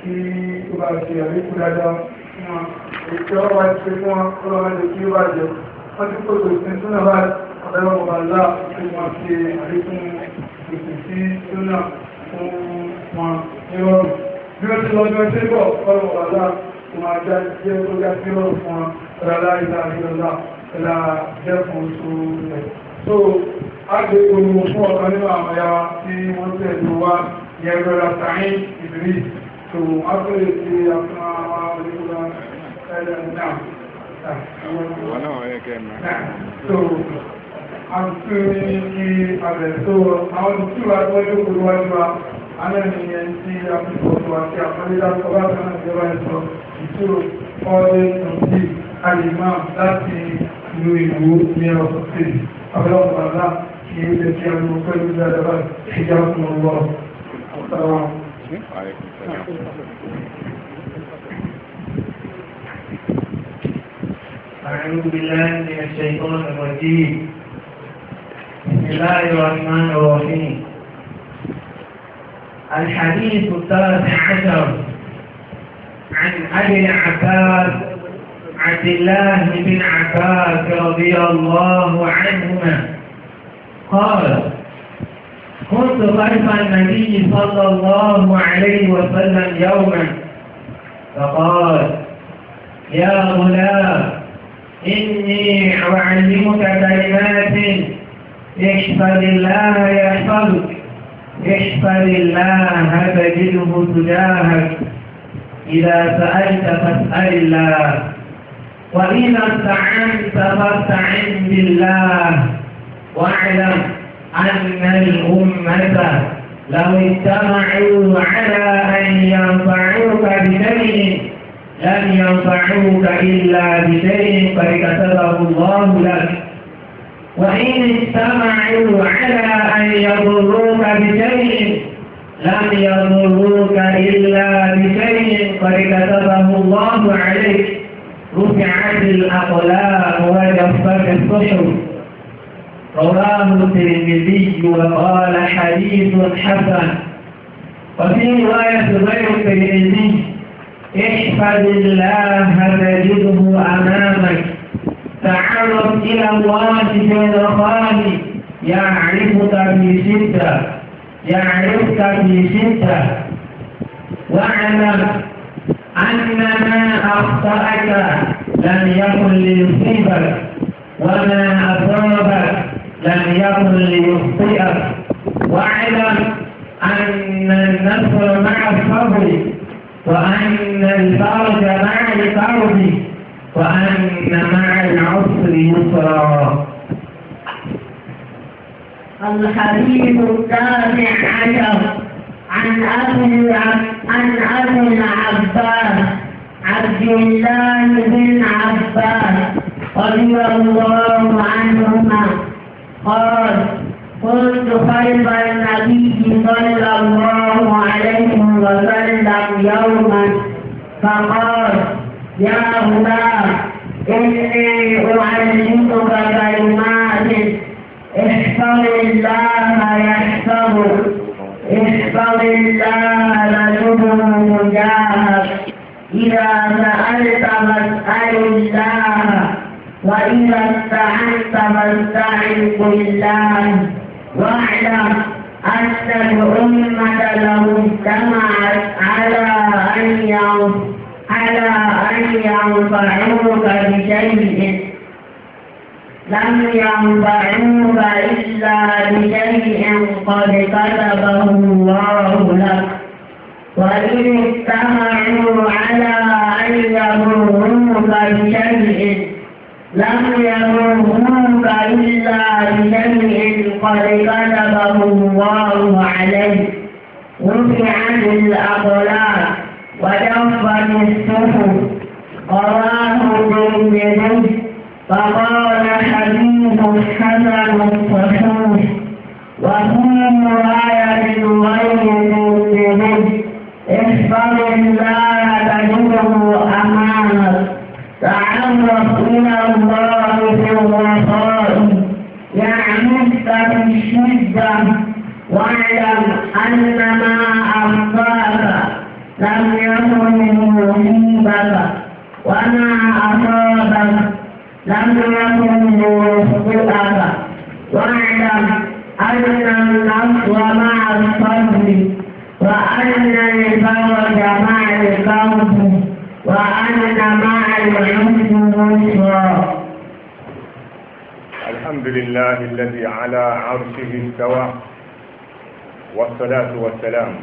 kí ó bá ṣe àríkù dáadáa fún wọn èyí tí wọ́n bá ti ṣe fún wọn kó lọ́wọ́ kí ó bá jẹ wọ́n ti kó tó sin súnà bá ọ̀bẹ̀rẹ̀ ọba ńlá tí wọ́n ṣe àríkù ìsìn sí súnà fún wọn ní bí ó ti lọ́jọ́ ṣe bọ̀ ọ̀rọ̀ ọba ńlá já jẹ́ tó já sí ọrùn fún wọn rárá ìlà ìlọ́lá ìlà jẹ́ fún oṣù rẹ̀ so a gbé gbogbo fún ọ̀kan nínú àwọn ẹ̀yà tí yẹ̀rọ lọ́sàn-án ìbírí tó ápẹ́lẹ̀ tí a fún àwọn olùgbà ẹ̀rọ náà wọ́n náà wọ́n yẹ kẹ́ mẹ́. tó àti ní abẹ̀ tó àwọn tí wàá tó yóò kúrò wájú wa alẹ́ nìyẹn tí a fi fọ́tò àti àpọ́nlẹ́dá tó bá kan náà jọba ẹ̀sọ́ ìṣòro السلام عليكم وعليكم السلام أعوذ بالله من الشيطان الرجيم بسم الله الرحمن الرحيم الحديث الثالث عشر عن أبي العباس عبد الله بن عباس رضي الله عنهما قال كنت خلف النبي صلى الله عليه وسلم يوما فقال يا غلام إني أعلمك كلمات احفظ الله يحفظك احفظ الله تجده تجاهك إذا سألت فاسأل الله وإذا استعنت فاستعن بالله واعلم أن الأمة لو اجتمعوا على أن ينفعوك بشيء لن ينفعوك إلا بشيء قد كتبه الله لك وإن اجتمعوا على أن يضروك بشيء لم يضروك إلا بشيء قد كتبه الله عليك رفعت الأقلام وجفت الصحف رواه الترمذي وقال حديث حسن وفي رواية غير الترمذي احفظ الله تجده أمامك تعرف إلى الله في الرخاء يعرفك في شدة يعرفك في شدة واعلم أن ما أخطأك لم يكن ليصيبك وما أصابك لم يكن ليخطئك واعلم أن النصر مع الصبر وأن الفرج مع الفرج وأن مع العسر يسرا الحديث التاسع عشر عن أبي عن أبي العباس عبد الله بن عباس رضي الله عنهما قال كنت خلف النبي صلى الله عليه وسلم يوما فقال يا غلام إني أعلمك كلمات احفظ الله يحفظك احفظ الله تجدهم مجاهك إذا سألت فاسأل الله وإذا استعنت فاستعن بالله واعلم أن الأمة لو اجتمعت على أن على أن ينفعوك بشيء لم ينفعوك إلا بشيء قد كتبه الله لك وإن اجتمعوا يمرون إلا بشيء قد كتبه الله عليه رفعت الأقلام وجفت الصحف قراه بالنبي فقال والصلاة والسلام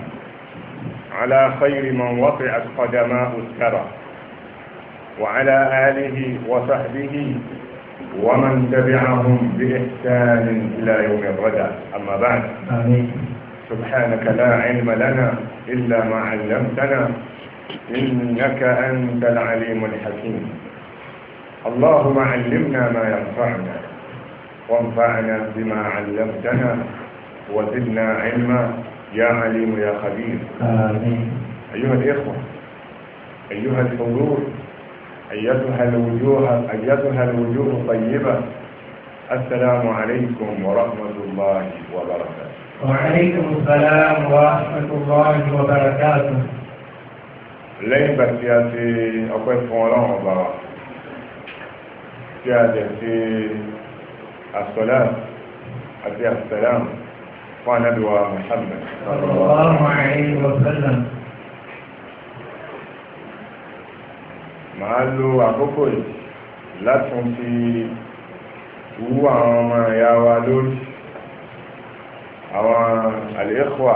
على خير من وقعت قدماء الثرى وعلى آله وصحبه ومن تبعهم بإحسان إلى يوم الردى أما بعد آمين سبحانك لا علم لنا إلا ما علمتنا إنك أنت العليم الحكيم اللهم علمنا ما ينفعنا وانفعنا بما علمتنا وزدنا علما يا عليم يا خبير آمين أيها الإخوة أيها الحضور أيتها الوجوه أيتها الوجوه الطيبة السلام عليكم ورحمة الله وبركاته وعليكم السلام ورحمة الله وبركاته لين ìgbà أقول a ti ọpẹ́ fún ọlọ́run ọba wa fún anábì wa Muhammad màá lo àkókò yìí láti fi wú àwọn ọmọ ìyá wa lórí àwọn àlékòwà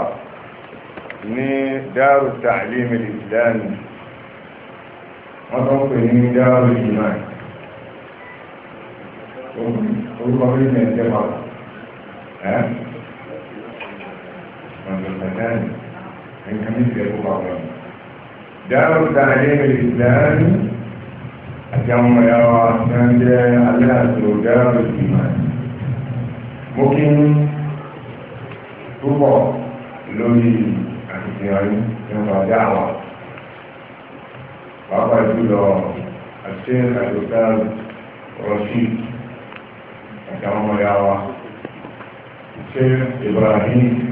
ní dáàrù tààlímì ìsìláàmì wọ́n tó ń pè ní dáàrù ìmáà orúkọ méjì ẹ̀ ń jẹ́ مدرستان ان كان في ابو دار التعليم الاسلامي اليوم يا سند على دار الايمان ممكن túbọ̀ lórí àtìyàn nípa dáwà pàápàá jùlọ àti àdókà rọ́ṣì àtàwọn ọmọ yàwá ṣe Ibrahim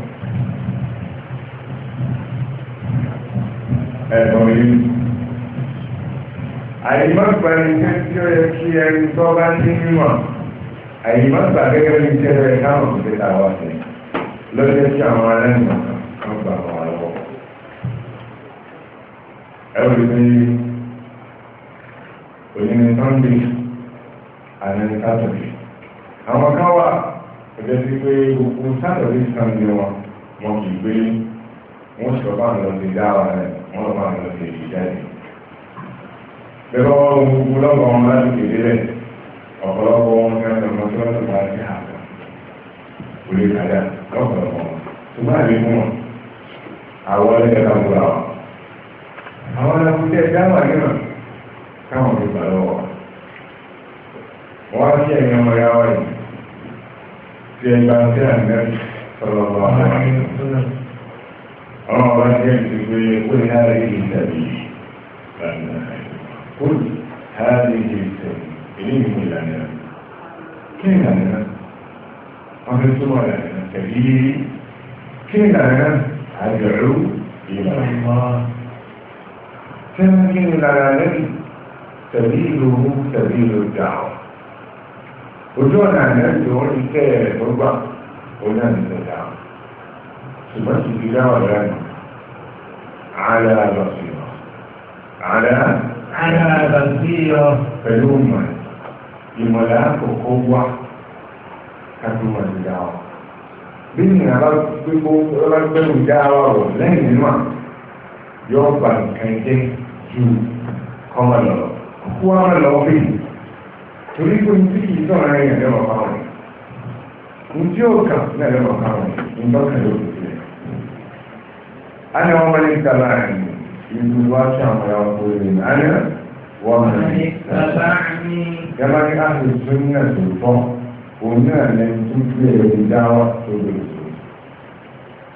ẹ̀dùn yìí. àyìnbọ̀pẹ̀lú iṣẹ́ tí ó yẹ kí ẹni tó bá ní mímọ̀ àyìnbọ̀pẹ̀ gẹ́gẹ́ bí iṣẹ́ rẹ̀ káwọn kò fi tàwa sí lọ́jọ́ tí àwọn alẹ́nu kan gbà wọ́n lọ́wọ́. ẹ̀rù ni òyìnbó sunday àná sátọ̀dé àwọn kan wà ẹgbẹ́ sí pé gbogbo sátọ̀dé sunday wọn wọn kì í gbé wọ́n sọ fáwọn lọ́sẹ̀ dáwà náà wọ́n lọ́ máa lọ sí èyí jáde. bẹ́ẹ̀ bá wọn gbogbo lọ́wọ́ wọn láti kéde rẹ̀ ọ̀pọ̀lọpọ̀ wọn ní ọ̀nà ọmọ tí wọ́n ti máa ti hà kò lè kàdá lọ́pọ̀lọpọ̀ wọn. ṣùgbọ́n àbí fún wọn àwọn ẹlẹ́gbẹ̀ẹ́ kan gbọ́ra wọn. àwọn ẹlẹ́gbẹ̀ẹ́ tẹ́ dáwà nínú káwọn ti gbà lọ́wọ́ wọn á sí ẹ̀yìn ọmọ yàrá yìí tí ẹ ọlọ́run bá jẹ́ ìpínpé pé hàrí ìtàbí lànà kúl hàrí ìtàbí èyí ni ìlànà kí ni ìlànà náà wọ́n fi túmọ̀ ìlànà tàbí kí ni ìlànà náà àdùrú ìlànà kí ni ìlànà náà tàbí ìlú tàbí ìlú dàwọ̀ ojú ọ̀nà àná ìjọ ìkẹ́ ẹ̀ tó gbà ó náà ń tẹ̀lé àwọn. ṣùgbọ́n ti fi dáwà lẹ́nu ààrẹ àbàsí ọ̀ ààrẹ àbàsí ọ̀ pẹ̀lú ìmọ̀ ìmọ̀lá àkókò wá kájú wọn ti dáwà bí ní alágbẹ́rù dáwà rọ̀ lẹ́yìn nínú à yóò gba nǹkan jẹ́ ju kọ́mọ lọ kú àwọn lọ bí torí pé ní kí n sọ̀rọ̀ ẹ̀yàn lẹ́wọ̀n fáwọn ní tí ó kà náà lẹ́wọ̀n fáwọn ní ìtọ́kà lóògùn أنا ومن اتبعني من الواشع ويقولون أنا ومن اتبعني كما أهل السنة الفقه قلنا لن تفلح بدعوة تدرس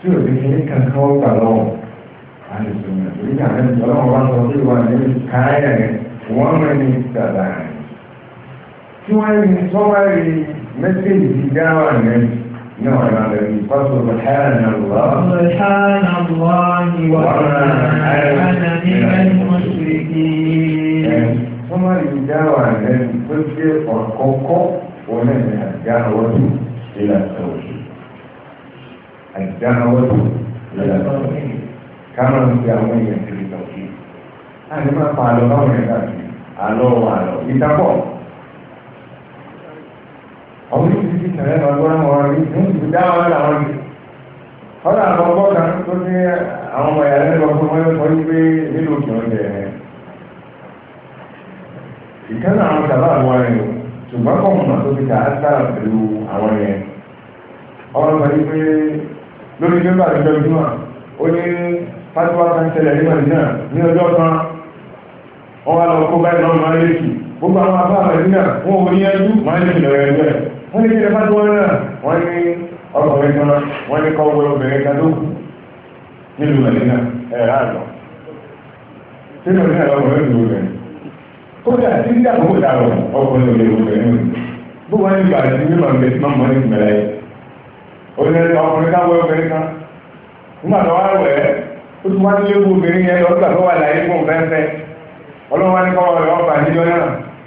شو بكلمة كوكب لهم أهل السنة وإذا أنا بلغ الله رضي وأنا كائنا ومن اتبعني شو هاي من صور المسجد في دعوة النبي نوع الذي فسبحان الله سبحان الله وما أنا من المشركين ثم الإجابة الذي تجد الكوكو ومنها الدعوة إلى التوحيد الدعوة إلى التوحيد كما الدعوية في التوحيد هذا ما فعل الله من ذلك الله الله àwọn oníṣìṣì tẹ̀lé lọ gbọ́dọ̀ wọn rí ní ìdá wọn làwọn rí kọ́dà àwọn ọgbọ́n kan tó ní àwọn ọmọ ìyá lẹ́nu ọgbọ́n wọn lọ́kọ́ yí pé nílò òkè oúnjẹ yẹn ìkànnì àwọn sábà wọn rìn ṣùgbọ́n kọ́ mọ̀ tó fi ta ására pẹ̀lú àwọn yẹn ọ̀rọ̀ kan yí pé lórí pépà lọ́jọ́ ìjúmọ̀ ó ní fásitì kan ṣẹlẹ̀ ní mọ̀lẹ́dínà ní ọjọ́ kan wọ́n wá lọ kó báyìí lọ́wọ́ máa lé wọ́n ní kílẹ̀ fásitì wọn náà wọ́n ní ọkùnrin kan wọ́n ní kọ́ wọ́n obìnrin kan tó nílùú mẹ́lẹ́nà ẹ̀rọ àlọ́ ní ọkùnrin rẹ̀ tí ní àkókò a rọ̀ ọkùnrin ìlú rẹ̀ bó wọ́n ní ìgbà tí ní yìí ọkùnrin wọ́n obìnrin kan nígbà tó wá wẹ̀ ó wá nílé obìnrin yẹn lọ́gbà tó wà láyé fún ọ̀fẹ́fẹ́ ní kọ́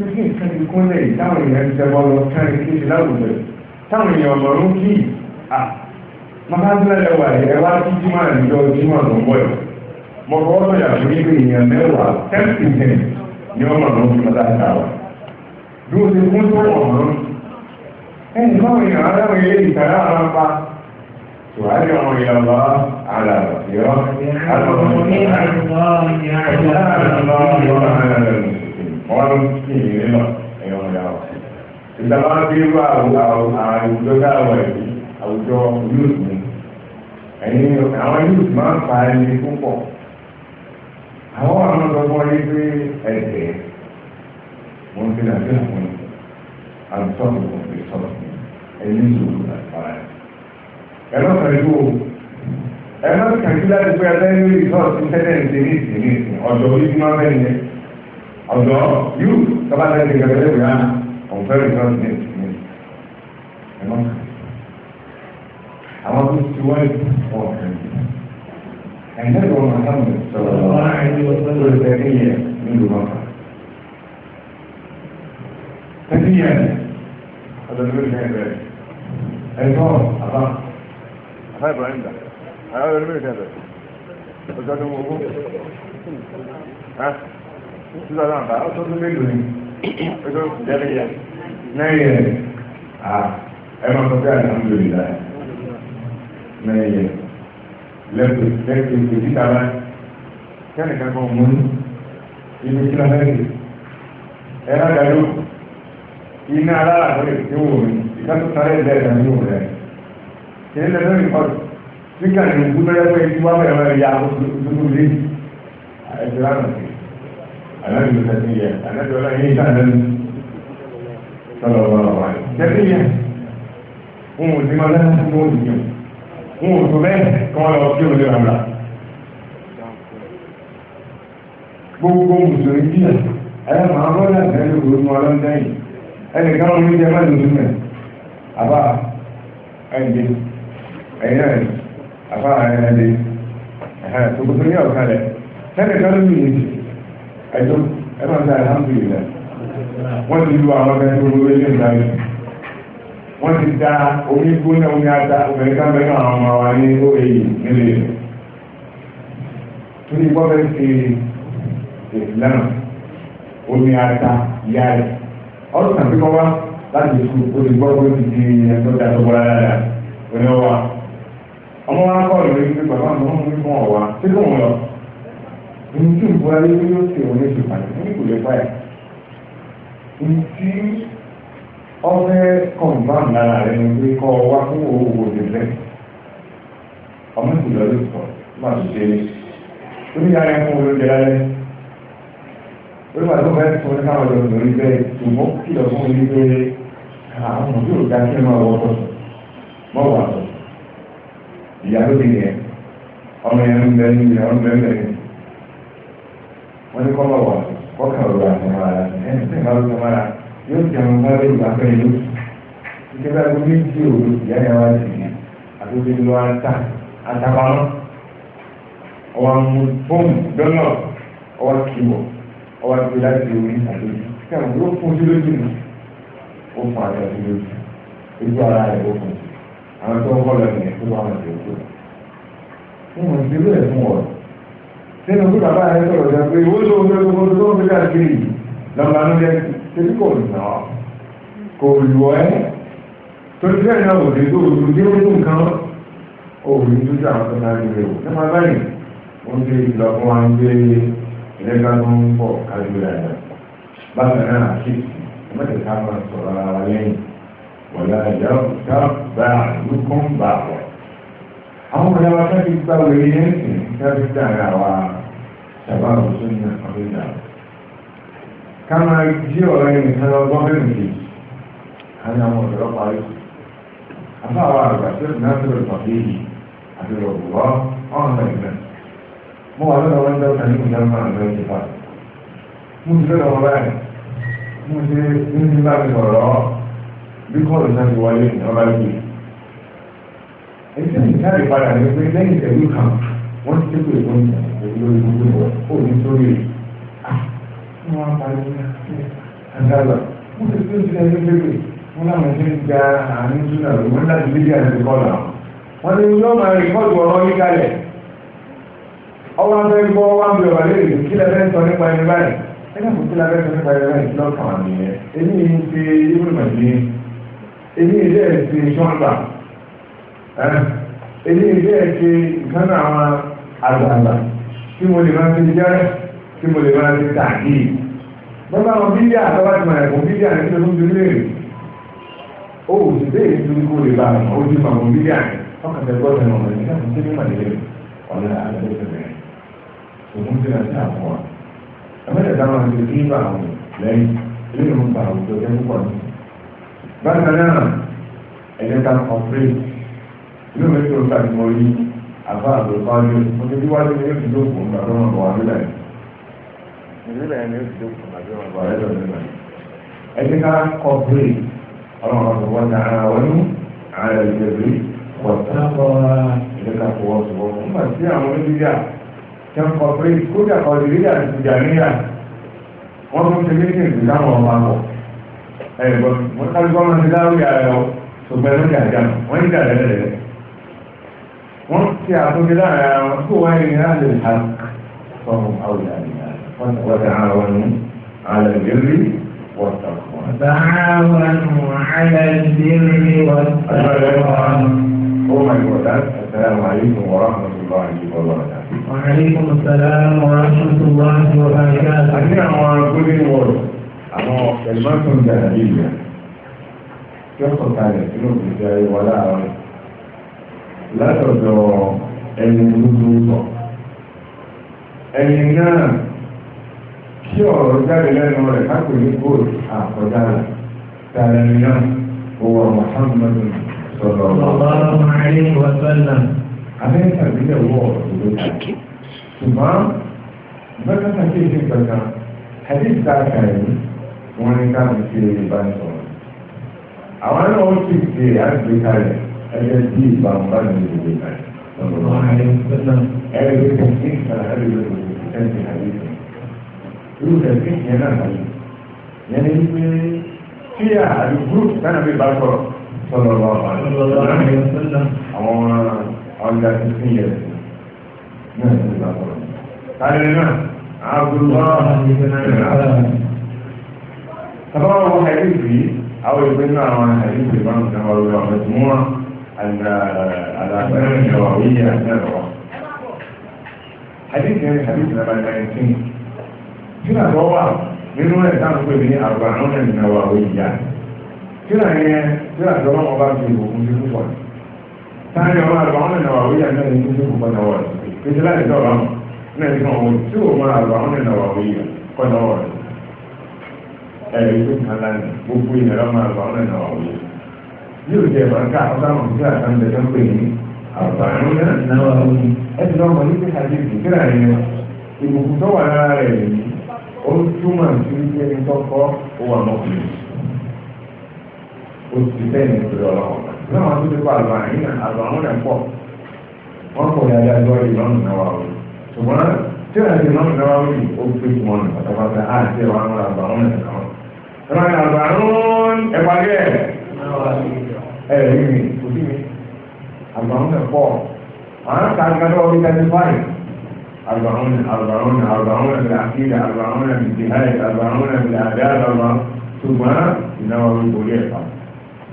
fífi nǹkan ti kúnlẹ̀ táwọn èèyàn ti tẹ́wọ́ lọ kárí kéde láwùjọ táwọn èèyàn ọ̀mọ̀rún kì í à mọ́tàdínlẹ̀ wà ẹ̀ wá sí jímọ̀ àjọ jímọ̀ ló ń bọ̀ yọ mo fọwọ́ sọ̀yà fún yín pé èèyàn mẹ́wàá ten percent ni wọ́n mọ̀rún fún mọ́tàdínlẹ̀ wa bí o ti kún tó ọ̀mọ̀rún ẹnì báwọn èèyàn aláwọ̀ ilé ìtàrà àwọn pa وأجر إلى الله على بصيرة أجر إلى الله وعلى الله mọ́ wá ló ń kí ìrìn nílọ ẹ̀yàn ọ̀yà ọ̀ ìjàmbá bí irú àwùjọ dáàbọ̀ ẹ̀bí àwùjọ yóò ní ẹ̀yìn àwọn yóò máa ń pa ẹni púpọ̀ àwọn àwọn ọ̀dọ́gbọ́n yé pé ẹ̀sẹ̀ mo ń fi nàìjíríà fún mi àtúntò kò fi sọ̀rọ̀ ẹ̀yìn ìṣòro àtàrà ẹ̀ lọ́sàn-án ìlú o ẹ̀ lọ́sàn-án ìlú láti pé ẹ̀sẹ̀ ní ìṣọ́ọ̀sì tẹ́lẹ̀ ń ṣe ní ìsìn ní ìsìn ọ̀dọ̀ orí ọ̀dọ́ yú sábà náà ti gbẹgbẹ lẹ́wọ̀ yá ọ̀hún fẹ́ rìn lọ́sí ní ìsinmi ẹ̀mọ́ àwọn tó ti wọ́n wọ̀ ẹ̀ńdẹ́ ìwọ̀n mọ̀tàmù sọ̀rọ̀ lọ́wọ́ ẹ̀ńdẹ́ ìyẹn nílùú mọ́ta ẹ̀ńdẹ́ ìyẹn ọ̀dọ́ ló ń bẹ̀rẹ̀ ẹ̀ńdọ́ àbá àbá ìbọ̀rẹ̀ ń Ayọ̀ lórí mi ìdẹ́bẹ̀. Ọjọ́ tó ń wọ́pọ̀ tí lọ́la bá ó tó tún mélòó ni ó tó jẹ́rẹ̀ yà mẹ́rin yẹn à ẹ máa ni pé alhamdulillah mẹ́rin yẹn lẹ́pẹ̀ lẹ́pẹ̀ ètò títà bá kẹ́ni kankan mú ibi tí lọ́la yẹn ẹ náà dàrú iná alára àtọ́lẹ̀ tí ó ni mí ìkàtó sáré lẹ́ẹ̀dá ni òun rẹ̀ kí ní lẹ́sẹ̀ mi kọ́ nígbà tí mo gbúdọ̀ yẹ pé ìdúwàmọ̀ ẹ̀rọ ẹ̀yà àkókò ànábì tẹ̀síyẹ ànábì ọlá yìí sá ànábì sọlọ ọlọ wa tẹ̀síyẹ wọn ò sí máa lẹ́nu tí wọ́n ti yàn wọn ò tó bẹ́ẹ̀ kí wọ́n lọ kí òun lè rà gbogbo mùsùlùmí bíyà ẹ̀rọ màá bọ́lá ẹ̀rọ ìrònú ọlọ́dẹ yìí ẹnì kan wọn jẹ má lùdú mẹ àbá ẹnìdé ẹ̀yìn náà àbá ẹnìdé ẹ̀hẹ́ tó kó tó ní ọ̀kan rẹ̀ ẹnì kan ló ń yìí ẹjọ́ ẹ máa ta alhamdulillah wọ́n ti lu àwọn ọmọ ẹni olówó ilé ìgbà yìí wọ́n ti da omi gbóná omi ata obìnrin kan bẹ́ẹ̀ náà àwọn ọmọ wa ní oye nílé rẹ̀ torí wọ́n fẹ́ ṣe ìlànà omi ata yá rẹ̀ ọdún tàbí kọ́ wá láti sùn orí gbọ́dọ̀ ti di ẹgbẹ́ ìdájọ́ bọ́lá dáadáa òní ọwà ọmọ wa kọ́ ọ̀rọ̀ yìí pé bàbá mi wọ́n mú mi fún ọ̀wà tí kò wọ́n lọ ntí buhari ni yóò ṣe òun èso pàtàkì ní kò lè báyà ntí ọfẹ kọmbam lára rẹ ní pé kọ wá fún owó òdìlẹ ọmọ ìkùlọ ló pọ máa tó ṣe lórí ara ẹkún olóde lálẹ́ lórí wàá tó fẹẹ fún káwọn ọdọ lórí bẹ́ẹ̀ tùmọ kìlọ̀ fún mi pé àwọn ọmọ yóò dá máa wọ ọtọ mọ wà tó ìyá ló ti yẹ ọmọ yẹn ń bẹ ní ìyá ń bẹ ń bẹ wọ́n ní kọ́mọ̀ wà kọ́kàn ọ̀rọ̀ àtẹ̀mára ẹni tí ìmọ̀ àtẹ̀mára yóò jẹun sáré ìgbàfẹ́ ìlú ìjọba ẹgbẹ́ méjì òru ìyá yẹn wá sí i àtúntò ìlú ata atapamọ́ ọwọ́ mú fóònù dọ́nà ọwọ́ kìbọ̀ ọwọ́ tó láti orí àlejò kẹ́hìn ló fún ojú lójú mi ó fún àjọ ojú àwọn tó ń kọ́ lọ́nà ẹ̀ tó wà wọn lè kú. wọ́n mọ̀ ní ìdílé ẹ̀ fún ọ̀rọ̀ nínú bí bàbá rẹ̀ sọ̀rọ̀ jẹ́ pé ó ló ń lọ́dún tó tó ń fi káàkiri lọ́ba ló yẹ kí kò nà ọ́ kò lù ẹ́ tó ti fẹ́ náà òde tó lù dé ó tún kan òòlù tó ti àwọn tó náà lè wò ní máa báyìí ó ń gbé ìlọ fún wa ń gbé ẹlẹ́gbàá tó ń bọ̀ kájú rẹ̀ náà bákan náà àti ẹ̀mẹ́tẹ̀ká máa sọ̀rọ̀ ara lẹ́yìn wọ̀lá ìyá òkúta bá àlùkò ń bà wọ̀ Aku ọ̀rẹ́ wa tẹ́lẹ̀ gba wèrè yẹn sì tẹ́lẹ̀ dára wa ṣàbá òṣèlú ní àbẹ́dà ká máa jí ọ̀rẹ́ yẹn nìkan lọ gbọ́n bẹ́ẹ̀ nìkejì ká ní àwọn ọ̀rẹ́ ọ̀pá rẹ̀ àbá àwọn àgbà tó ti náà sọ̀rọ̀ pàdé yìí àti ọ̀gbọ̀ orang ìgbà mo ini lọ́dọ̀ wọn dẹ́wọ́ta ní ìyá máa lọ sí ẹni tí wọ́n ti káàdì padà ní pé lẹ́yìn ìtẹ̀wé kan wọ́n ti tẹ́kọ̀ọ́ ìwọ́n ìtẹ̀wé lórí gbogbo ìwọ́ ó ní sórí rẹ̀ ah wọ́n á parí ní àdàlọ́ wọ́n ti tó ti ẹni pépè wọ́n láwọn ti ń ja àárín túnà lórí wọ́n láti lé díẹ̀ ti kọ́là wọ́n ti yọ́ máa rí kọ́ọ̀tù ọ̀rọ̀ yí kalẹ̀ ọwọ́ abẹ́ gbọ́ wá ń bẹ̀rẹ̀ lé rè kí lẹ́fẹ́ sọ nípa ẹni báyìí ẹni kò kí lẹ́fẹ́ sọ nípa ẹni báyìí kí lọ́ọ̀kan àmì yẹn èmi ń ṣe ibùdó màdìyẹ èmi ń ṣe ìṣọ́nba èyí ìdí ẹ̀ ṣe nǹkan náà àwọn àgbààgbà tí mo lè máa fi jẹ́rẹ́ tí mo lè máa fi tààkì bọ́lá àwọn bílíà àtọ́wá ti máa ẹ̀kún bílíà ní ìṣẹ́gun ti lè ó sì dé èyí tó kó lè bá àwọn ojú máa mú bílíà ọkàn tẹ gbọ́dọ̀ ẹ̀rọ ọ̀rẹ́ nígbà tó ní màlẹ́ ọ̀rẹ́ àgbẹ̀rẹ̀ òun ti rà sí àpò wa ẹ̀mẹ́tẹ̀ táwọn àti kí bá àwọn lẹ́yìn ilé ìrùn bá àwùjọ jẹ́ inú mi tó ta ni mo rí àbá àbò pálí mo ní wájú ní oṣù tó kù nígbà tó ń bọ̀ wá nílẹ̀ nílẹ̀ ní oṣù tó kù nígbà tó ń bọ̀ wá nílẹ̀ ẹ ti ká kọ pé ọlọ́run ọ̀sán wọn ta ara wọn ní ara ìgbẹ́ rí wọ̀tá bọ́ra ẹ ká fọwọ́ sọ̀wọ́ nígbà tí àwọn onídìyà tẹ́ ń kọ pé kódà kọ́ di rídà ti níyà wọ́n tún ti ní ìgbìyànjú láwọn ti láwùjọ ara ẹ̀ ṣùgbọ́n ونفسي عدو كده مفتوح هاي من أهل الحق فهم أولى من أهل وتعاونوا على البر والتقوى تعاونوا على البر والتقوى السلام عليكم السلام عليكم ورحمة الله وبركاته وعليكم السلام ورحمة الله وبركاته أجمع على كل الورد أما كلمات ذهبية تفصل على الجنوب ولا أعرف látọ̀dọ̀ ẹni tuntun sọ ẹni náà kí ọ̀rọ̀ jáde lẹ́nu rẹ̀ kápẹ̀ ní gold àkọjára tààrẹ ni owó Muhammad sọ̀rọ̀ ọ̀rọ̀ àárín wàsánà amẹ́ríkà nílẹ̀ wọ̀ ọ̀rọ̀ ṣùgbọ́n mẹ́tàkà kí èsì kankan hadith dáka yìí wọ́n ní ká fi ṣe ìbánisọ̀rọ̀ àwọn náà ó sì ṣe àgbékalẹ̀ ẹgbẹ́ tí ìbámu bá ní ìwé náà. Ẹgbẹ́ tẹ̀sí kan ẹgbẹ́ tẹ̀sí àdéhùn. Irú tẹ̀sí yẹn náà náà yìí. Yẹn ní pé tí àdúgbò sánà mi bá sọ̀rọ̀ sọ̀rọ̀ lọ àwọn ọjà tẹ̀sí yẹn náà ti bá sọ̀rọ̀. Tàbí náà, àbúrò Tabawa wa hadithi au ibn àwọn hadithi bá ń sọ àwọn ọmọ ìtumọ̀ الأثار النووية أثناء الوقت حديث يعني حديث لما الميتين هنا هو من هنا تعرف به أربعون النووية هنا هي هنا زمان عبارة في موسيقى فوق ثاني هو أربعون النووية أنه يمسك بنوات في ثلاثة دورة أنا يسمعون شو ما أربعون النووية قنوات أي يسمع لنا بوبوين لما أربعون النووية yóò jẹ màkà ọ̀sáwọn tí a kan lẹ́jọ́ pé ní àǹfààní náà ẹ ti lọ́mọ ní kíkàdé ìdíkìrà yẹn ìbùkún tó wà lára rẹ̀ yìí ó túmọ̀ sí ilé ní tọ́kọ́ ó wà mọ́kùnrin ó ti bẹ́ẹ̀ ní ìpìlẹ̀ ọlọ́wọ́ náà wọ́n tún ti kọ́ àlùbáyé náà àlùbáwọn náà pọ̀ wọ́n kọ̀ ní adé àjọ ìlọ́nù náà wà ó ṣùgbọ́n tí àti ìlọ́nù náà wà ó yìí ó fi kún wọn pátápátá ẹ̀rí mi kò sí mi àgbàrún náà pọ̀ àwọn kan kan lọ́wọ́ bí thirty five àgbàrún àgbàrún àgbàrún ẹ̀mí àkíyà àgbàrún ẹ̀mí jihad àgbàrún ẹ̀mí àdá àgbàrún ṣùgbọ́n ìnáwó orí ẹ̀fà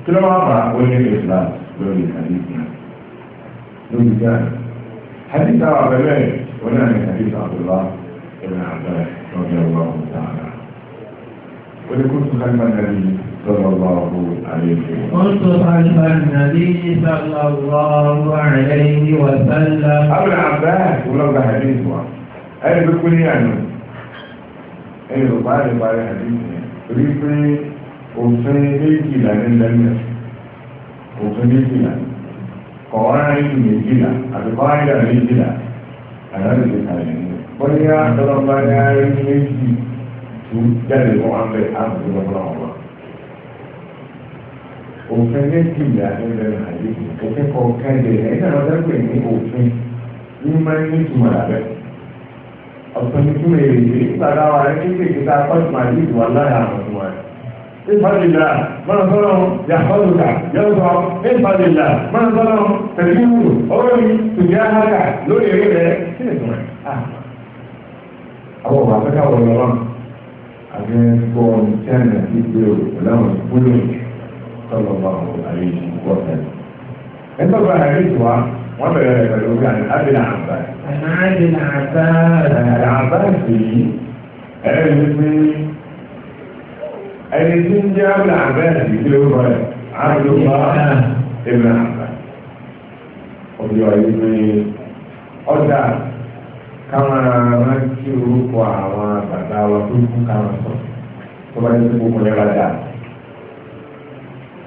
kí ló máa bá oní ìlà lórí hadith náà lórí gan hadith àwọn abẹ́lẹ̀ wọn náà ní hadith àbúrò ẹ̀mí àbẹ́rẹ́ lọ́jọ́ ìwà òkúta àná. ولكل صلى الله عليه وسلم قلت خلف النبي صلى الله عليه وسلم أبو العباس ولو حديث واحد أي بكل يعني أي بقال بقال حديث ريفي òfin méjìlá ní lẹ́nu òfin méjìlá kọ̀ọ̀rán ní méjìlá àti kọ̀ọ̀rán ní méjìlá àlọ́lùfẹ́ kàlẹ̀ ní. bóyá ọlọ́pàá ní ayé méjì tó jáde wọ́n á bẹ àbúrò lọ́wọ́ òfin méjì ìyàtọ̀lẹ̀ àyè òfin kọ̀ọ̀kan ìdẹ̀lẹ̀ nígbà wọn dẹ́gbẹ̀ ní òfin ní máa ní ìtumọ̀ lábẹ́ ọ̀sán ní túmọ̀ èrè yìí nígbà táwa rẹ̀ ní kéèké tá a kọ́ ìtumọ̀ àyè ìwà láyà àwọn ọmọ rẹ̀ ìfàlìlà máa sọ́nà yàtọ̀lùkà yọ̀sọ̀ ìfàlìlà máa sọ́nà tẹ̀síwù orí tùjẹ́ àhàkà lórí èrè rẹ̀ kí ni ìtumọ̀ ah. àwọn ọ̀rọ̀ àfẹ́kà wọ̀ lọ́wọ́ àgbẹ̀ fọ́ọ̀mù tẹ́ẹ̀nà ìgbé òkú láwọn ìpínlẹ̀ sọlọ bá wọn àyè ìṣúkọ tẹ́lẹ̀. ẹgbẹ́ bá àyè ìṣúwá wọ́n bẹ̀rẹ̀ rẹ̀ pẹ̀lú bí àyè ábìlà àbá. àbìlà àbá. àbìlà àbá sì yí ẹ̀rẹ́ mi pé ẹni tí ń jẹ́ ábìlà àbá sì kí ló rọ̀ ẹ̀ ábìlà àbá ìbìlà àbá. òbí ọ̀yẹ́ pé ọjà káwọn rántí orúkọ àwọn bàbá wa tó kú káwọn sọ tó bá yẹ kó kọlẹ́ bá dáa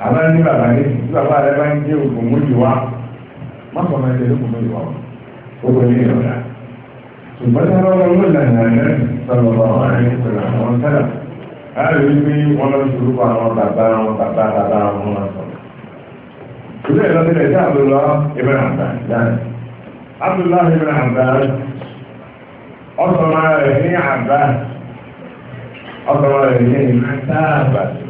àbá ní bàbá ní tí bàbá rẹ bá ń gbé ògùn múlì wá má sọ máa ń tẹ̀lé ògùn múlì wá o kò ní ìrọ̀lá ṣùgbọ́n tí wọ́n lọ́wọ́ lànà náà sọ̀rọ̀ àwọn àìsàn àwọn sẹ́là á rí i pé wọ́n lọ sọ̀rọ̀ pa àwọn bàbá àwọn bàbá bàbá àwọn wọn sọ. ìlú ẹ̀rọ ti àbúrò ibn Abbas Abdullah ibn Abbas ọ̀sọ̀ máa rẹ̀ ní Abbas ọ̀sọ̀ máa rẹ̀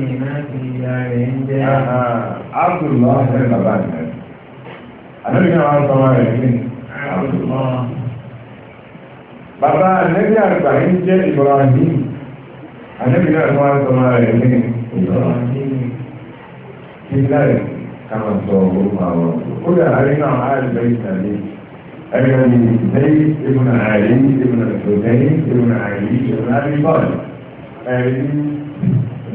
ni náà ti ya rẹ̀ ń jẹ́. Abdullah ṣe ń bàbá rẹ̀. Àdébí náà wọ́n sọ wọn rẹ̀ kí ni. Abdullah. Bàbá Ànẹ́bí àgbà ń jẹ́ Ibrahim. Ànẹ́bí náà wọ́n sọ wọn rẹ̀ kí ni. Ibrahim. Kí ni láì kàmá sọ orúkọ àwọn ọ̀dọ́. Ó yà á rí náà á rí bẹ́ẹ̀ ìtàlẹ́. الذي زيد ابن علي ابن الحسين ابن علي ابن ابي طالب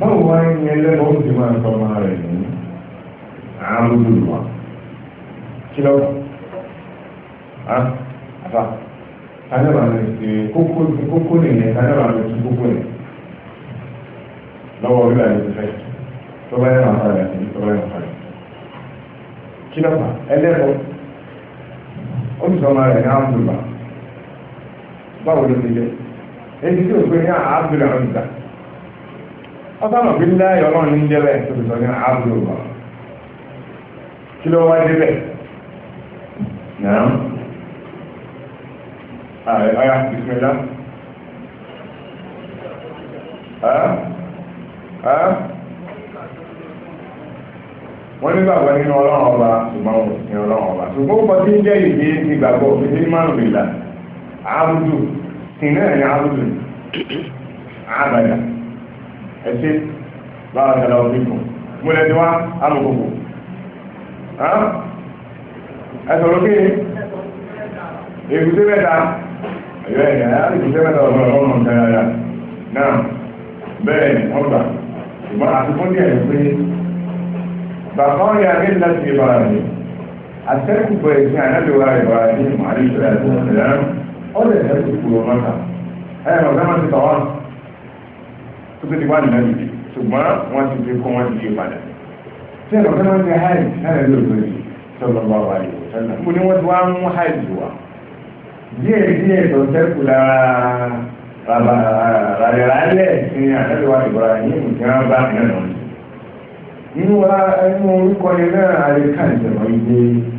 báwo wá ní ẹlẹ́bọ̀ ó sì máa sọ máa rẹ̀ ní àárúdù wa kí lọ́wọ́ àfà kájọba lè ṣe kókó nìyẹn kájọba lè ṣe kókó nìyẹn lọ́wọ́ orí àyè ti fẹ́ tó bá yẹn àfà rẹ̀ sí tó bá yẹn àfà rẹ̀ kí lọ́wọ́ ẹlẹ́bọ̀ ó sì sọ máa rẹ̀ ní àárúdù wa báwo ló ti jẹ́ èyí tí òpin ní àábìrì àwọn ìgbà ọ̀sánà bí láyọ̀ ọlọ́run ní jẹ́lẹ̀ tó ti sọ ní àábìrì òbá kí wọ́n ní gbàgbọ́ nínú ọlọ́run ọba ṣùgbọ́n ní ọlọ́run ọba ṣùgbọ́n ó ń jẹ́ ìdí ìgbàgbọ́ òfin ní iná ẹ̀ ní arúgbó àbàdà ẹ̀sẹ̀ báwa tẹ̀lé ọ̀fẹ́ kù mo lẹ́tí wá amòkòkò ẹ̀sọ̀rọ̀ kí ni èkúté mẹ́ta ẹ̀yọ́ ẹ̀yà èkúté mẹ́ta ọ̀gbọ̀n ọ̀gbọ̀n ọ̀gbọ̀n tẹ̀lé náà bẹ́ẹ̀ wọ́n gbà ṣùgbọ́n àtúntò díẹ̀ ni pé bàbá ọ̀yà ní láti ìbára mi àtẹ́kùpẹ̀ ìsìn ànábìwá ìbára ní màálù ìṣẹ̀lẹ̀ àti ìṣẹ̀lẹ̀ Ọ lè lẹ́yìn tó maka. mọ́ta ẹ̀yẹ ọ̀gá máa ti tọ̀ wá tó tó ti wá nìyẹn yìí ṣùgbọ́n wọ́n ti fi kó wọ́n ti yé padà dị.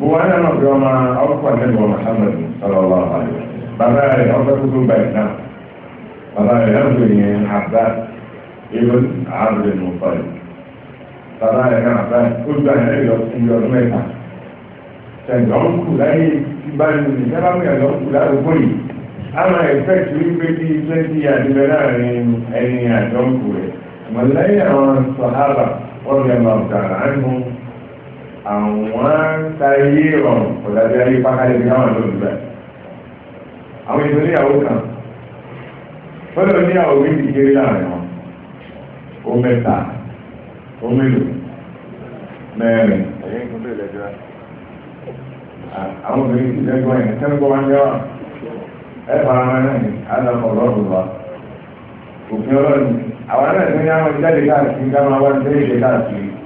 gbogbo wa náà fi ọmọ ọkọ àtẹnudọ Muhammad sọlọlọ àlè bàbá rẹ ọkọ tó tó báyìí náà bàbá rẹ náà fi yẹn àbá ibùn àbúrò ní ọfọlẹ bàbá rẹ náà àbá ó gba ẹ lọ sí ọdún mẹ́ta tẹnudọ ń kù láyé ìbáraẹni nìkan bá mú yàtọ̀ ń kù lárúgbó yìí ama effect wípé bí twenty àdìbẹ láàrin ẹni àjọǹkù rẹ mọ̀lẹ́yìn àwọn sọ̀hábà wọ́n fi ẹ̀ máa gbàrà ánú. àwọn táyé rọrùn ọ̀dájú ayé pákálẹ̀ bí káwọn àwọn ètò kan bí ti kéré láàrin wọn ó mẹ́ta ó mélòó mẹ́rin àwọn obìnrin ti lẹ́gbọ́n yẹn wá ń ẹ fara náà ní àdàpọ̀ lọ́dún wa òfin ọlọ́run àwọn náà ti ní àwọn ìjáde káàkiri ká máa wá káàkiri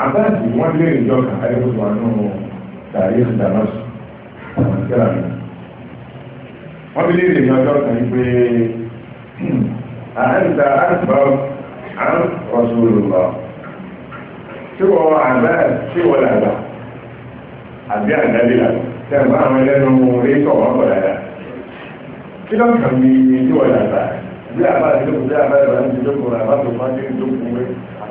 àbáàdì wọ́n lé ìjọ kan ayélujára wà nínú tàyé ìdánáṣù àwọn ìṣẹ́lá mi wọ́n fi lé ìrìn àjọ kan yìí pé àǹtà àǹtà àǹtọ̀sọ̀rọ̀ tí wọ́n àbáàdì tí wọ́n làgbà àbí àǹdálé làgbà tẹ̀gbọ́n àwọn ẹlẹ́nu orí sọ̀rọ̀ ọ̀pọ̀ dáadáa kí ló ń kàn mí tí wọ́n làgbà bí àbáàdì lókun bí àbáàdì lókun bí àbáàdì lókun àbáàdì lókun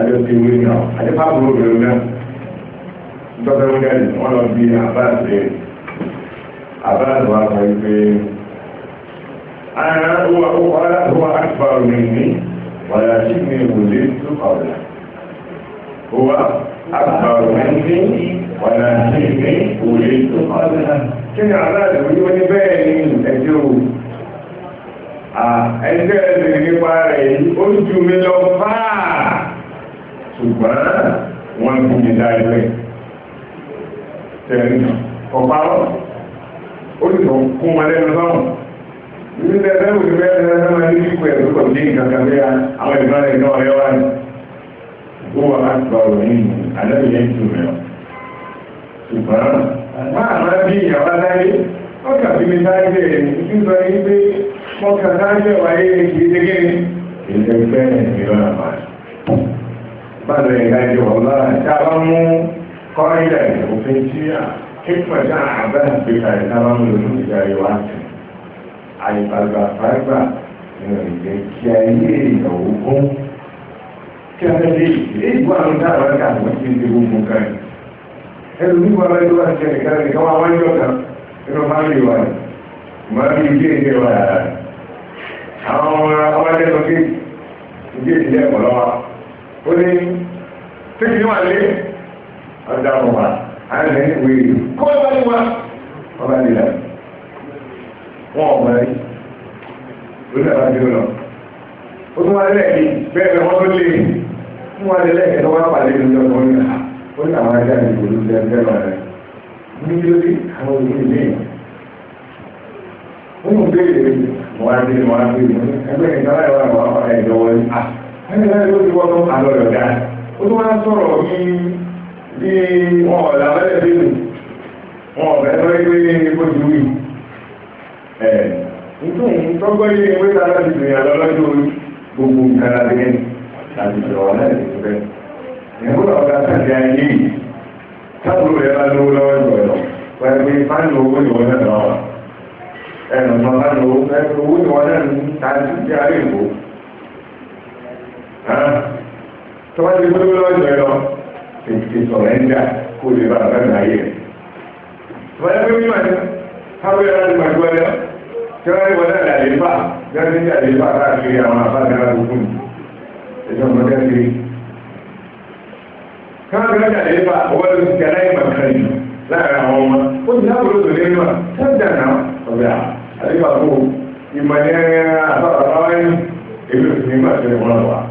àjọṣe ìwé ni ọ àdépàbùrò bẹ̀rù náà tọ́tẹ́ ń gẹ́lì wọ́n lọ bí àbáàsì àbáàsì wa sọ wípé ara wà wà àgbà omi ní wàlá sí ní ìwòlé tó kọ̀ọ̀lá wà àgbà omi ní wàlá sí ní ìwòlé tó kọ̀ọ̀lá kí ni àbáàsì wíwọ́n ní bẹ́ẹ̀ ni ẹjọ́ ẹgbẹ́ ẹ̀sìn nípa rẹ̀ ju mi lọ fáà ṣùgbọ́n wọ́n kú mi dá ẹgbẹ́ tẹ̀lé ọ̀pá ọ̀ ó sì tó kún wọn lẹ́nu sọ́wọ́n ní ẹgbẹ́ òṣèlú ẹgbẹ́ ẹgbẹ́ máa ní kíkọ ẹ̀ tó kọ̀ sí nǹkan kan bí àwọn ìgbà rẹ̀ náà ọ̀yọ́ wa ni ó wà láti bá ọ̀rọ̀ yìí àlẹ́ yẹn tù mí ọ̀ ṣùgbọ́n máa máa bí ìyàwó aláyé wọ́n kà fi mi sáré bẹ́ẹ̀ nígbà yìí pé wọ́n kà sáré bẹ́ẹ̀ wáyé kì í ṣe kí ni. ìṣègbè ìrọ̀lẹ́ báwo ni ká jẹ ọ̀la tá a bá mú kọ́ńdà òfin tí kíkọ̀ tí àwọn àbá gbé kalẹ̀ tá a bá mú lòdùn ìjà rẹ̀ wá sí àyípadà fàgbà nínú ìgbẹ́ kí ayé ìyàwó gún kí a lè ìgbọ́ àwọn dáàbà ká àwọn tí ń di gbogbo kan ẹnu ní wọn lọ́jọ́ wá sí ẹnìkan nìkan wá wájú ọ̀kan nínú fámìlì wa ìmọ̀ bí ilé ìdè wa àwọn ọmọdé lọ sí ilé ìdílé ẹ̀kọ́ lọ́wọ́ ó ní tíkì ní wà lé ọjà mọ̀ wá á lè ní ìwé kó bá ní wá ọba ní ìlànà wọn ò mọ̀ rí lórí àwọn àdúgbò ó tún wá lẹ́ẹ̀kì bẹ́ẹ̀ lọ́wọ́ tó lé fún wa lẹ́lẹ́kì lọ́wọ́ pàdé lórí ọkọ̀ ní ó ní àwọn ajá ìbò ló jẹ́ ẹgbẹ́ lọ rẹ̀ ní lórí àwọn òbí ilé yìí wọ́n mú béèrè mọ́ adé mọ́ adé mọ́ ẹgbẹ́ ìgbàláyà wà wọ́n ẹni láti ló ti wọ́nú àlọ́yọ̀dá ó tún máa sọ̀rọ̀ ní bí wọn ọ̀la mẹ́lẹ̀ bínú wọn ọ̀bẹ̀ tó rí pé epo ti wí ẹ̀ nítorí tọ́gbọ́ yé ewé tara ti dùn yàtọ̀ lọ́jọ́ orí gbogbo nǹkan láti ní àti ìṣòro náà ti fẹ́ ìyàwó ọ̀gá àti ayé sábúrò rẹ̀ bá lówó lọ́wọ́ ìgbọ̀yọ̀ wọ́n ti fáńdì owó ìwọ̀n náà ẹnu sọ fáńdì owó ìwọ̀n náà ní tọ́wọ́ ti gbogbo lọ́jọ́ ẹ lọ ètò ìsọ̀rọ̀ ẹ̀ ń dà kó lè bá àbá nà ayé rẹ̀ wọ́n yẹ pé mímọ̀ ní hábẹ́ ẹ̀rọ ti gbàgbọ́ ẹ̀ lọ tí wọ́n yẹ wọlé àlè fà jáde ní àlè fà káàkiri àwọn àbájá gbogbo ní ẹ̀jọ̀ mọ́tẹ́ ti rí káàkiri àlè fà ọwọ́ ló ti kẹ́lá ìmọ̀ kan yìí láàrin àwọn ọmọ ó ti dábòrò tó lé mímọ̀ sẹ́ńtà náà ọ̀bẹ̀ àlè fà ìmọ̀ ní àbábáwáyé èmi ò sì ní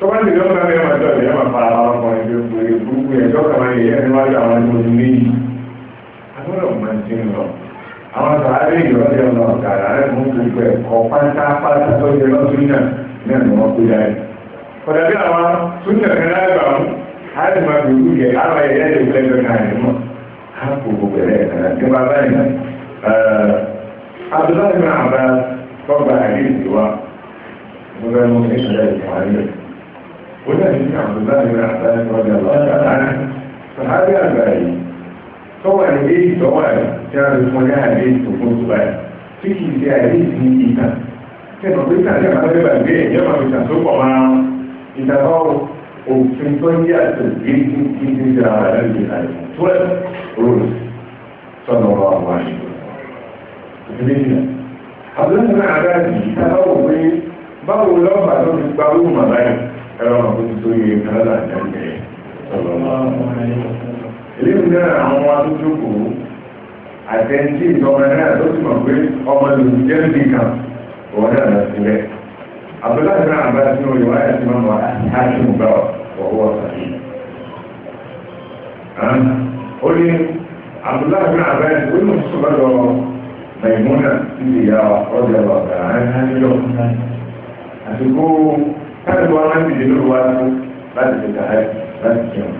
tọ́wọ́ ti dọ́kítà náà yẹn máa jọ ìyá máa fara àwọn ọkùnrin tó fún ẹ gbogbo ẹ̀ dọ́kítà máa yẹ ẹni wájú àwọn ẹni ojú méjì agbọ́dọ̀ máa ti ń lọ àwọn sàárè ìrọ̀lẹ́ ọ̀nà ọ̀gàrà rẹ̀ mú gbogbo ẹ̀kọ́ pátápátá tó yẹ lọ́sùn náà náà ni wọ́n kó yára ọ̀dàbí àwọn súnà kan lágbà mú láti máa fi wú yẹ àwọn ẹ̀yẹ́ lè fẹ́ lọ náà ní mọ́ á kò gbogbo ẹ̀rẹ́ ẹ̀kọ́ náà nípa báyìí Abdullahi bin Abbas tọ́gbà àdéhùn wa mo ولكن عبد الله بن عباس رضي الله عنه صحابي أربعين طبعا إيه طبعا كان اسمها إيه تكون صغير في كتير إيه في إيه كان ربنا كان يعمل بقى بيه يعمل بتنسوق مع يتفاوض وفي الدنيا تسجيل كتير كتير على قلب الألف توالف رولز صلى الله عليه وسلم عبد الله بن عباس تفاوض بيه بقوا لهم بعدهم يتبعوهم مبايا ẹ̀rọ ọ̀gbìn tó yẹ kánádà jẹ́ ilé ìgbẹ́ àwọn adójókò àtẹ́ntì ìjọba náà tó ti mọ̀ pé ọmọ ìlú jẹ́ nìkan kan òun náà lọ sílẹ̀ abdullahi náà bá sí òye wáyé àti mọ́mọ́ àti ìgbà ọ̀wọ́ sàkí ó ní abdullahi náà bá sí òye mọ̀ sọ́kọ́ lọ mẹ̀múnà sí ìyá ọ̀dẹ̀ ọ̀gá àti ìyọ̀ àti kó káàdì wọn máa ń dìde lóru wá sí láti fi tààrẹ láti fi hàn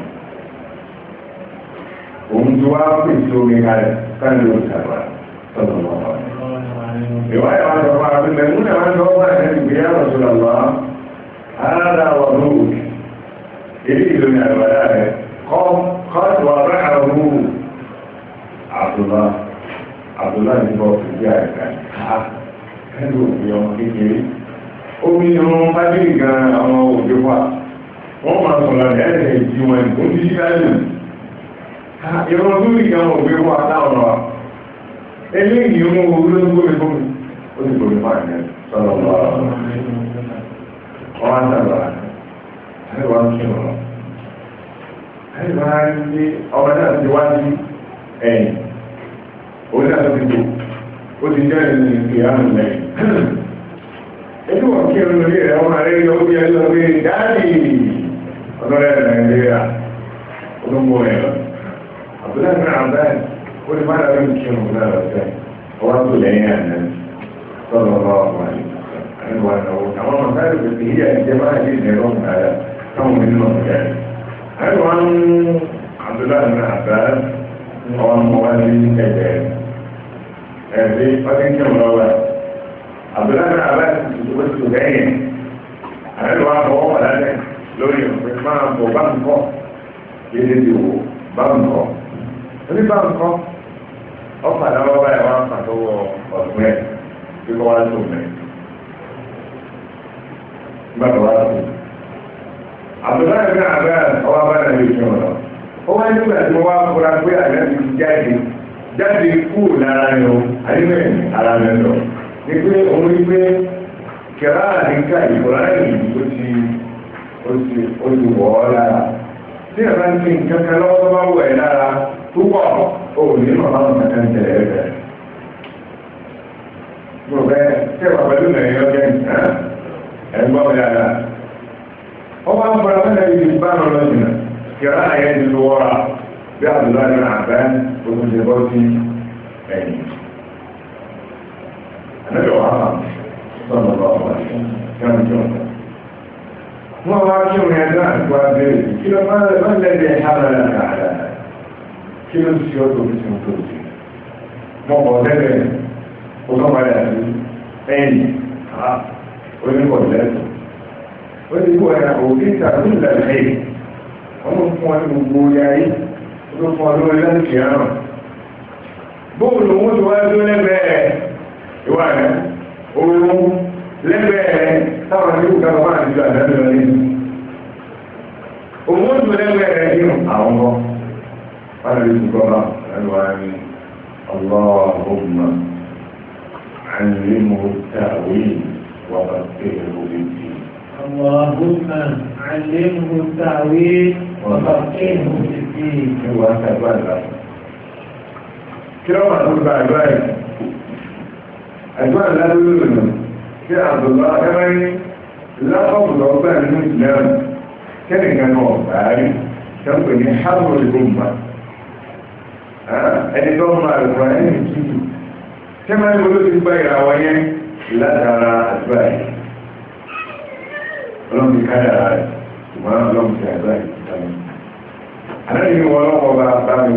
òun ti wá pè sí omi kalẹ̀ káàdì ló ń sàgbà sọ̀rọ̀ wọn wá. ìwádìí wọn sọ fún wa pé mẹ́mú náà wọn sọ fún àyẹ̀ ìgbéyà lọ́sọ̀ lọ́wọ́ alára wà lóòkè èyí ìlú ní àgbàdá rẹ̀ kọ́ kọ́ọ̀tù wà bá àwọn òwò àbúrò àbúrò àti bọ́ọ̀sì bí àìsàn ká ẹ̀rù òbí ọmọ kékeré. omi irun fájìlì gan àwọn òjò wa wọ́n máa sọ̀rọ̀ lẹ́yìn ìjì wọn ìbò ní tó gan wa eléyìí ló ń fún mi ó sì fún wá kí wọn bá ní ọmọ náà ti wá sí òun náà ti ó ti jẹ́ lẹ́yìn. ẹbí wọn kí ẹnu lórí rẹ wọn àrẹ yọ bí ẹlọ pé dáàbì ọlọ́rẹ́ nàìjíríà olóńgbò rẹ lọ àbúlé náà abẹ́ ó lè má dàbí kí ẹnu náà lọ sẹ ọwọ́ tó lẹ́yìn àná sọ̀rọ̀ ọ̀rọ̀ ọ̀gbọ̀n àti wọn náà àwọn ọmọ sáré kò sí yíyá ìjẹ máa yé ìdẹ́rọ̀ ọ̀gbọ̀n táwọn mi nínú ọ̀gbẹ́ àti wọn ọmọ wa Abdullahi bin Abbas ti wọ́n ti bẹ́ẹ̀ yẹn àlejò wa bọ̀ wọ́n lálẹ́ lórí òfin máa bọ̀ bá ń kọ́ yéé ti tó wa tó. Abdullahi bin Abbas ó nígbà tí mo wá fura pé ti jáde jáde lára yẹn o àyè mẹ́rin ara lọ. ní pé òun rí pé kẹrà àdínkà ìkọ̀rá yìí ó ti ó ti wọ̀ ọ́ lára tí ẹ̀rọ ń fi nǹkan kan lọ́wọ́ tó bá wọ̀ ẹ́ lára púpọ̀ ó ní màmá nǹkan kan tẹ̀lé rẹ̀ mo fẹ́ tẹ̀wà pẹ̀lú nàìjíríà jẹ́ nǹkan ẹ̀gbọ́n mi lára ó bá ń bọ̀rọ̀ mẹ́ta yìí bá lọ lọ jìnnà kẹrà àyẹ̀ lọ́wọ́ra bí àdúrà ní àbẹ́ òkùnjẹ́bọ́ sí ẹ̀yìn lẹ́yọ̀ wàhálà sọ́nà bá wà ní káàkiri ọ̀dà. wọ́n wá kí òun ẹ̀dá àgbà bẹ̀rẹ̀ kí ló máa lẹ́ máa lẹ́lẹ́ ìhàmàlà àdá kí ló sì ọ́ tó fi sin tó ti. mo kọ̀ lẹ́lẹ́ ọgọ́mọdé àti ẹ̀yìn oníkọ̀ lẹ́tọ̀. ó ti kó ẹ̀rọ òkè tàbí ìlànà ẹ̀yìn wọ́n ló fún ọ ní gbogbo orí ayé ló fún ọ lórí láti kìí ìwà rẹ̀ oorun lẹ́gbẹ̀ẹ́ táwọn ìlú kẹfà máa ti gba àdájọ́ lọ nínú òun ó dùn lẹ́gbẹ̀ẹ́ rẹ̀ nínú àwọn ọmọ wọn lè dùn kọ́ bá ẹnu wa ní ọlọ́ọ̀hùnmá àìlèmọ̀ tàwí wàbà tẹ̀lé òbí. اللهم علمه التعويل وفقهه في الدين. هو هذا كلام عبد الله ẹ̀gbọ́n ìlàlúrú nù kí àbùbá ẹ̀rẹ́ni lápapọ̀ ọgbà nínú ìlànà kẹ́nìkan náà bàárí sọ́pẹ̀ ní hábọ̀ ìgbòmà ẹni tó máa lùkọ́ ẹni tútù kẹ́mẹ́rin olóòtú gba ìràwọ̀ yẹn látara àdúrà yìí ọlọ́mọdé kádàrà rẹ̀ ṣùgbọ́n ọlọ́mọdé àdúrà yìí ti tàbí. àdáyé wọn lọ́wọ́ bá bá mi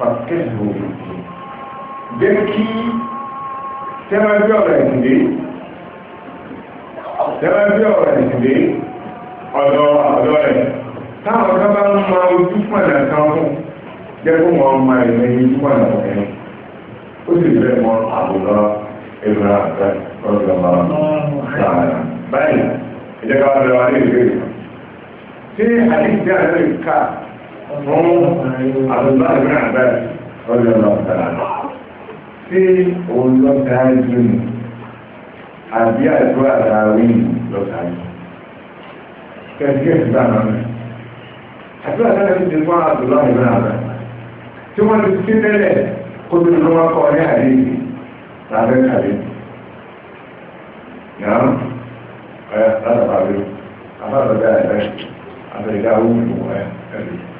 fàkẹ́lù jẹ́ kí tẹ́lábí ọ̀rọ̀ ìdílé tẹ́lábí ọ̀rọ̀ ìdílé ọ̀dọ̀ ọ̀dọ̀ rẹ̀ táwọn ọ̀dọ́ bá ń ma ojú pọ̀nà kan fún jẹ́ kó mọ̀ ọmọ ìrìn ojú pọ̀nà ọ̀rẹ́ ó sì fẹ́ mọ àbùdá ìrìn àgbà ọ̀dọ̀ ọ̀rọ̀ báyìí ẹ̀jẹ̀ ká wà lọ́wọ́ ní ìgbéyìí tí àdéhùn fún àdúgbò àgbà àgbà ọjọ́ lọ́kàrà tí òun lọ́kàrà jù ní àbí àjọ àtàwí lọ́kàrà jù kẹ́kẹ́ ìgbà náà àti àtàlẹ́ ti fún àdúgbò àgbà àgbà tí wọ́n ti fi tẹ́lẹ̀ kó tó ló wá kọ́ ní àdéhìí lábẹ́ kàlẹ́ yàrá ọ̀yà látàbàbí àbábàbí àìbẹ́ àbẹ̀dá òun ìwọ̀ ẹ̀ ẹ̀lẹ́.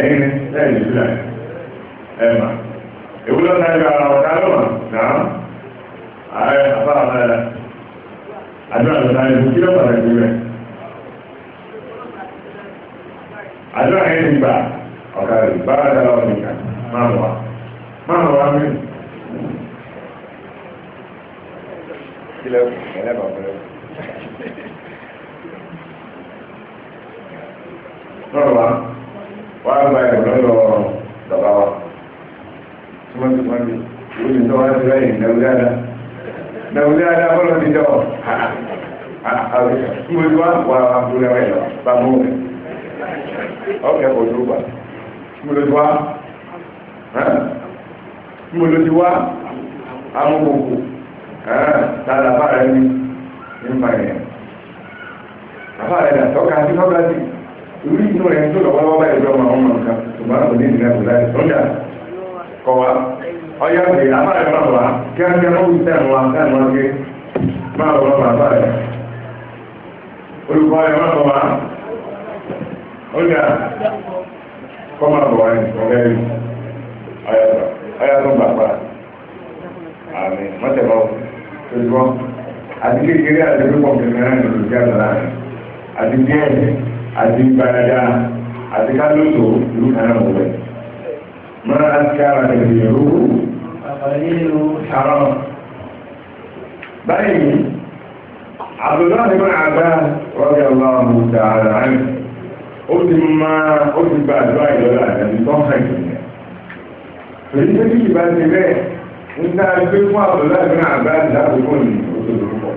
ẹ̀yìn lẹ́yìn ìjúlá ẹ̀mà ìwúlọ́ náà gba ara ọ̀tá lọ́wọ́ náà ààrẹ àbára lára àjọ àjọta ìlú kí ló pàtàkì rẹ̀ àjọ àyẹ̀ ti gbà ọ̀gá rẹ̀ bára dára ọ̀rọ̀ nìkan máa wà máa wà mí. Kílẹ̀ ẹ̀lẹ́bàá ọ̀rẹ́ lọ́rọ̀ wa wọ́n á gba ẹ̀rọ lọ́dọ̀ bàbá wa tí wọ́n ti wọ́n ti ìwé ti tọ́wọ́ láti lẹ́yìn nàìjíríà dá nàìjíríà dá bọ́lọ̀ ti jọ mo ti wá wà àbúrò rẹ̀ lọ bá mú rẹ̀ ọ̀kẹ́ kò tó gbà lọ bá rẹ̀ rẹ̀ dà ìlú inú rẹ̀ tó lọ́wọ́ lọ́wọ́ báyìí lọ́wọ́ àwọn ọmọ nǹkan ṣùgbọ́n kò ní ìdílé àbúrò láti tó ń dà kọ wa ọyá pé abáyé máa wà kí á kí á mọ́wí tẹ̀ wá táì wá gé máa wọ́n máa bá rẹ̀ olùkọ́ rẹ̀ máa bọ̀ wá ó dà kọ́ máa bọ̀ wá ní ọ̀gá yìí ọyá tó gbà pa àmì mọ́tẹ̀bọ̀ tó gbọ́ àti kékeré àti pípọ̀ kìnnìkan ní olùkẹ́ àgbà láàrin àti díẹ̀ àti gbalada àti kálótò ìlú kan náà wọlé mọ́ra láti kára ẹ̀rọ ìrúkú àrọ́ báyìí Abdullahi ibn ó ti máa ó ti gba àdúrà ìlọ́lá àti tó hàn ìyẹn èyí tó kìí bá ti bẹ́ẹ̀ ń dá gbé fún Abdullahi ibn Abbas láti fún ìlú pọ̀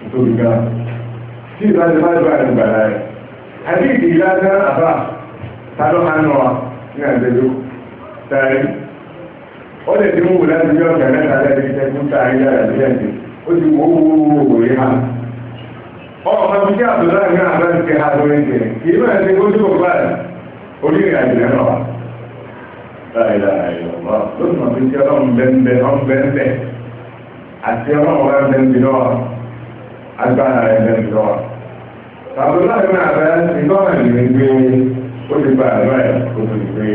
nítorí gáà tí ìgbà tí máa gbà ní gbàlá rẹ̀ àbí ìdí ìlànà àbá tálọ́ máa wa ní àjẹjọ́ tààrí ó lè ti wù láti bí ọ̀sẹ̀ mẹ́ta lẹ́bi iṣẹ́ fún tààrí yára sí ẹ̀sìn ó ti wò ó wò ó rí ha ọmọ bí àbúrò ní àbá ti ha lórí ìjẹ kì í máa ṣe kó tó bá orí ìrìnàjò náà wà láìláì ọ̀pọ̀ lóṣù mọ̀ agbára ẹgbẹ́ ìjọ. Tàbí láti máa bẹ́ ìgbọ́nà ìlú gbé ó ti gba àdúrà ẹ̀ ó ti gbé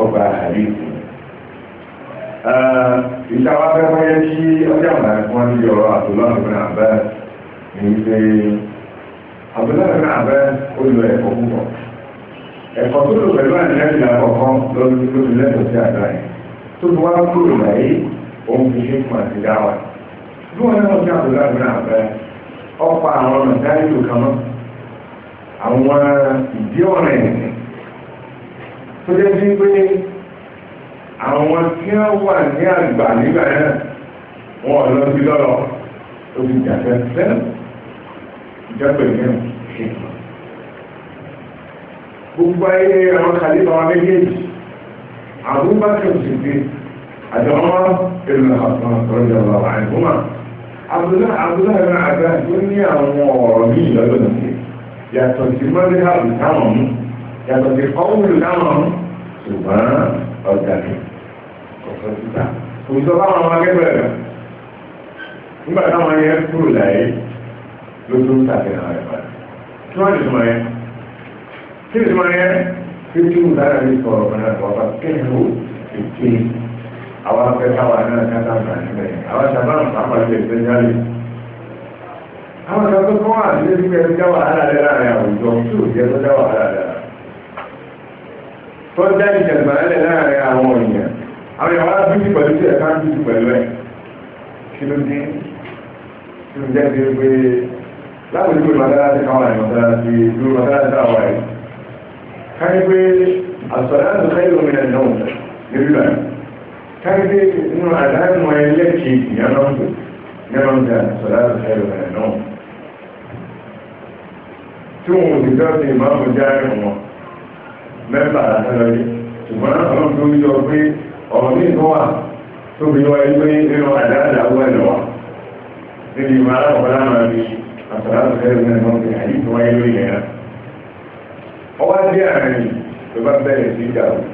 ọgbà àdìsí. Ìṣàwá fẹ́ wọ́n yẹ kí ọjà ọ̀nà ẹ̀kọ́ ní ọ̀rọ̀ àtòlọ́nù náà bẹ́ ní pé àbúlọ́nù náà bẹ́ ó lo ẹ̀kọ́ púpọ̀. Ẹ̀kọ́ tó lò pẹ̀lú àdìlẹ́yìn àkọ́kọ́ lọ́dún tó fi lẹ́tọ̀ọ́ sí àdúrà yìí. Tó fi wá kúrò láyé, òun fi ṣe fún àti dáwà bí wọ́n náà fi àbúrò àbúrò àbẹ́ ọ̀pá àwọn ọmọ ìdáyìlú kan mọ́ àwọn ìdí ọ̀rẹ́ ẹ̀sìn tó jẹ́ sí pé àwọn tí wọ́n wà ní àgbà nígbà náà wọn ò sí lọ́rọ̀ ó ti jàfẹ́ sẹ́nu àwọn kàlífà wọn méjèèjì àbúrò àjọ wọn èrò àwọn ọ̀sán ọ̀rọ̀ ìjọba àìkúmọ̀ abdullahi náà àgbà tó ní àwọn ọ̀rọ̀ ní ìlọ́dọ̀ sí yàtọ̀ sí mọ́lẹ́hàbù táwọn mú yàtọ̀ sí kọ́wùlù táwọn mú ṣùgbọ́n ọjà ní ọ̀sọ̀ títà kò sọ fáwọn ọmọ akẹ́kọ̀ọ́ rẹ̀ nígbà táwọn yẹn kúrò láyé ló tó ń ṣàfihàn rẹ̀ padà kí wọ́n lè mọ àwọn afẹ́ káwà náà kátà fàṣẹ àwọn sàbáàmù pàpàlẹ̀ ìfẹ́ jáde àwọn kan tó kọ́ wà ní ẹgbẹ́ tó dá wàhálà rẹ̀ láàrin àwùjọ tí ò jẹ́ tó dá wàhálà rẹ̀ tó dá ìjàgbá rẹ̀ láàrin àwọn èèyàn àwọn ìyàwó abúlé pẹ̀lú sí ẹ̀ka ń dúdú pẹ̀lú ẹ̀ kí ló dé kí ló jẹ́ pé pé láwọn ìlú ìmọ̀tálásí káwọn ìmọ̀tálásí ìlú ìmọ̀tálásí àwọn ẹ̀ káyé pé àṣọ̀rẹ́ àti káyọ̀dé inú àdánù ẹlẹ́kẹ̀ẹ́ ìyànlọ́gbò yànlọ́gbà sọ̀rọ̀ ẹ̀rọ ẹ̀ náà tí wọn ò sì tọ́ sí ìmáàmù járe wọn mẹ́fà àtàlọ́yé ṣùgbọ́n àwọn tó yọ pé ọ̀rọ̀ ní ìfọ́ wà tó fi wáyé pé nínú àdánù àwọn ẹ̀ lọ́wọ́ níbi ìmọ̀ alákọ̀ọ́lá máa fi àtàlá ẹ̀rọ ẹ̀ náà fi àyíkú wáyé lóyè náà ọwọ́ dé àárín tó bá bẹ̀rẹ̀ sí ìjà òkú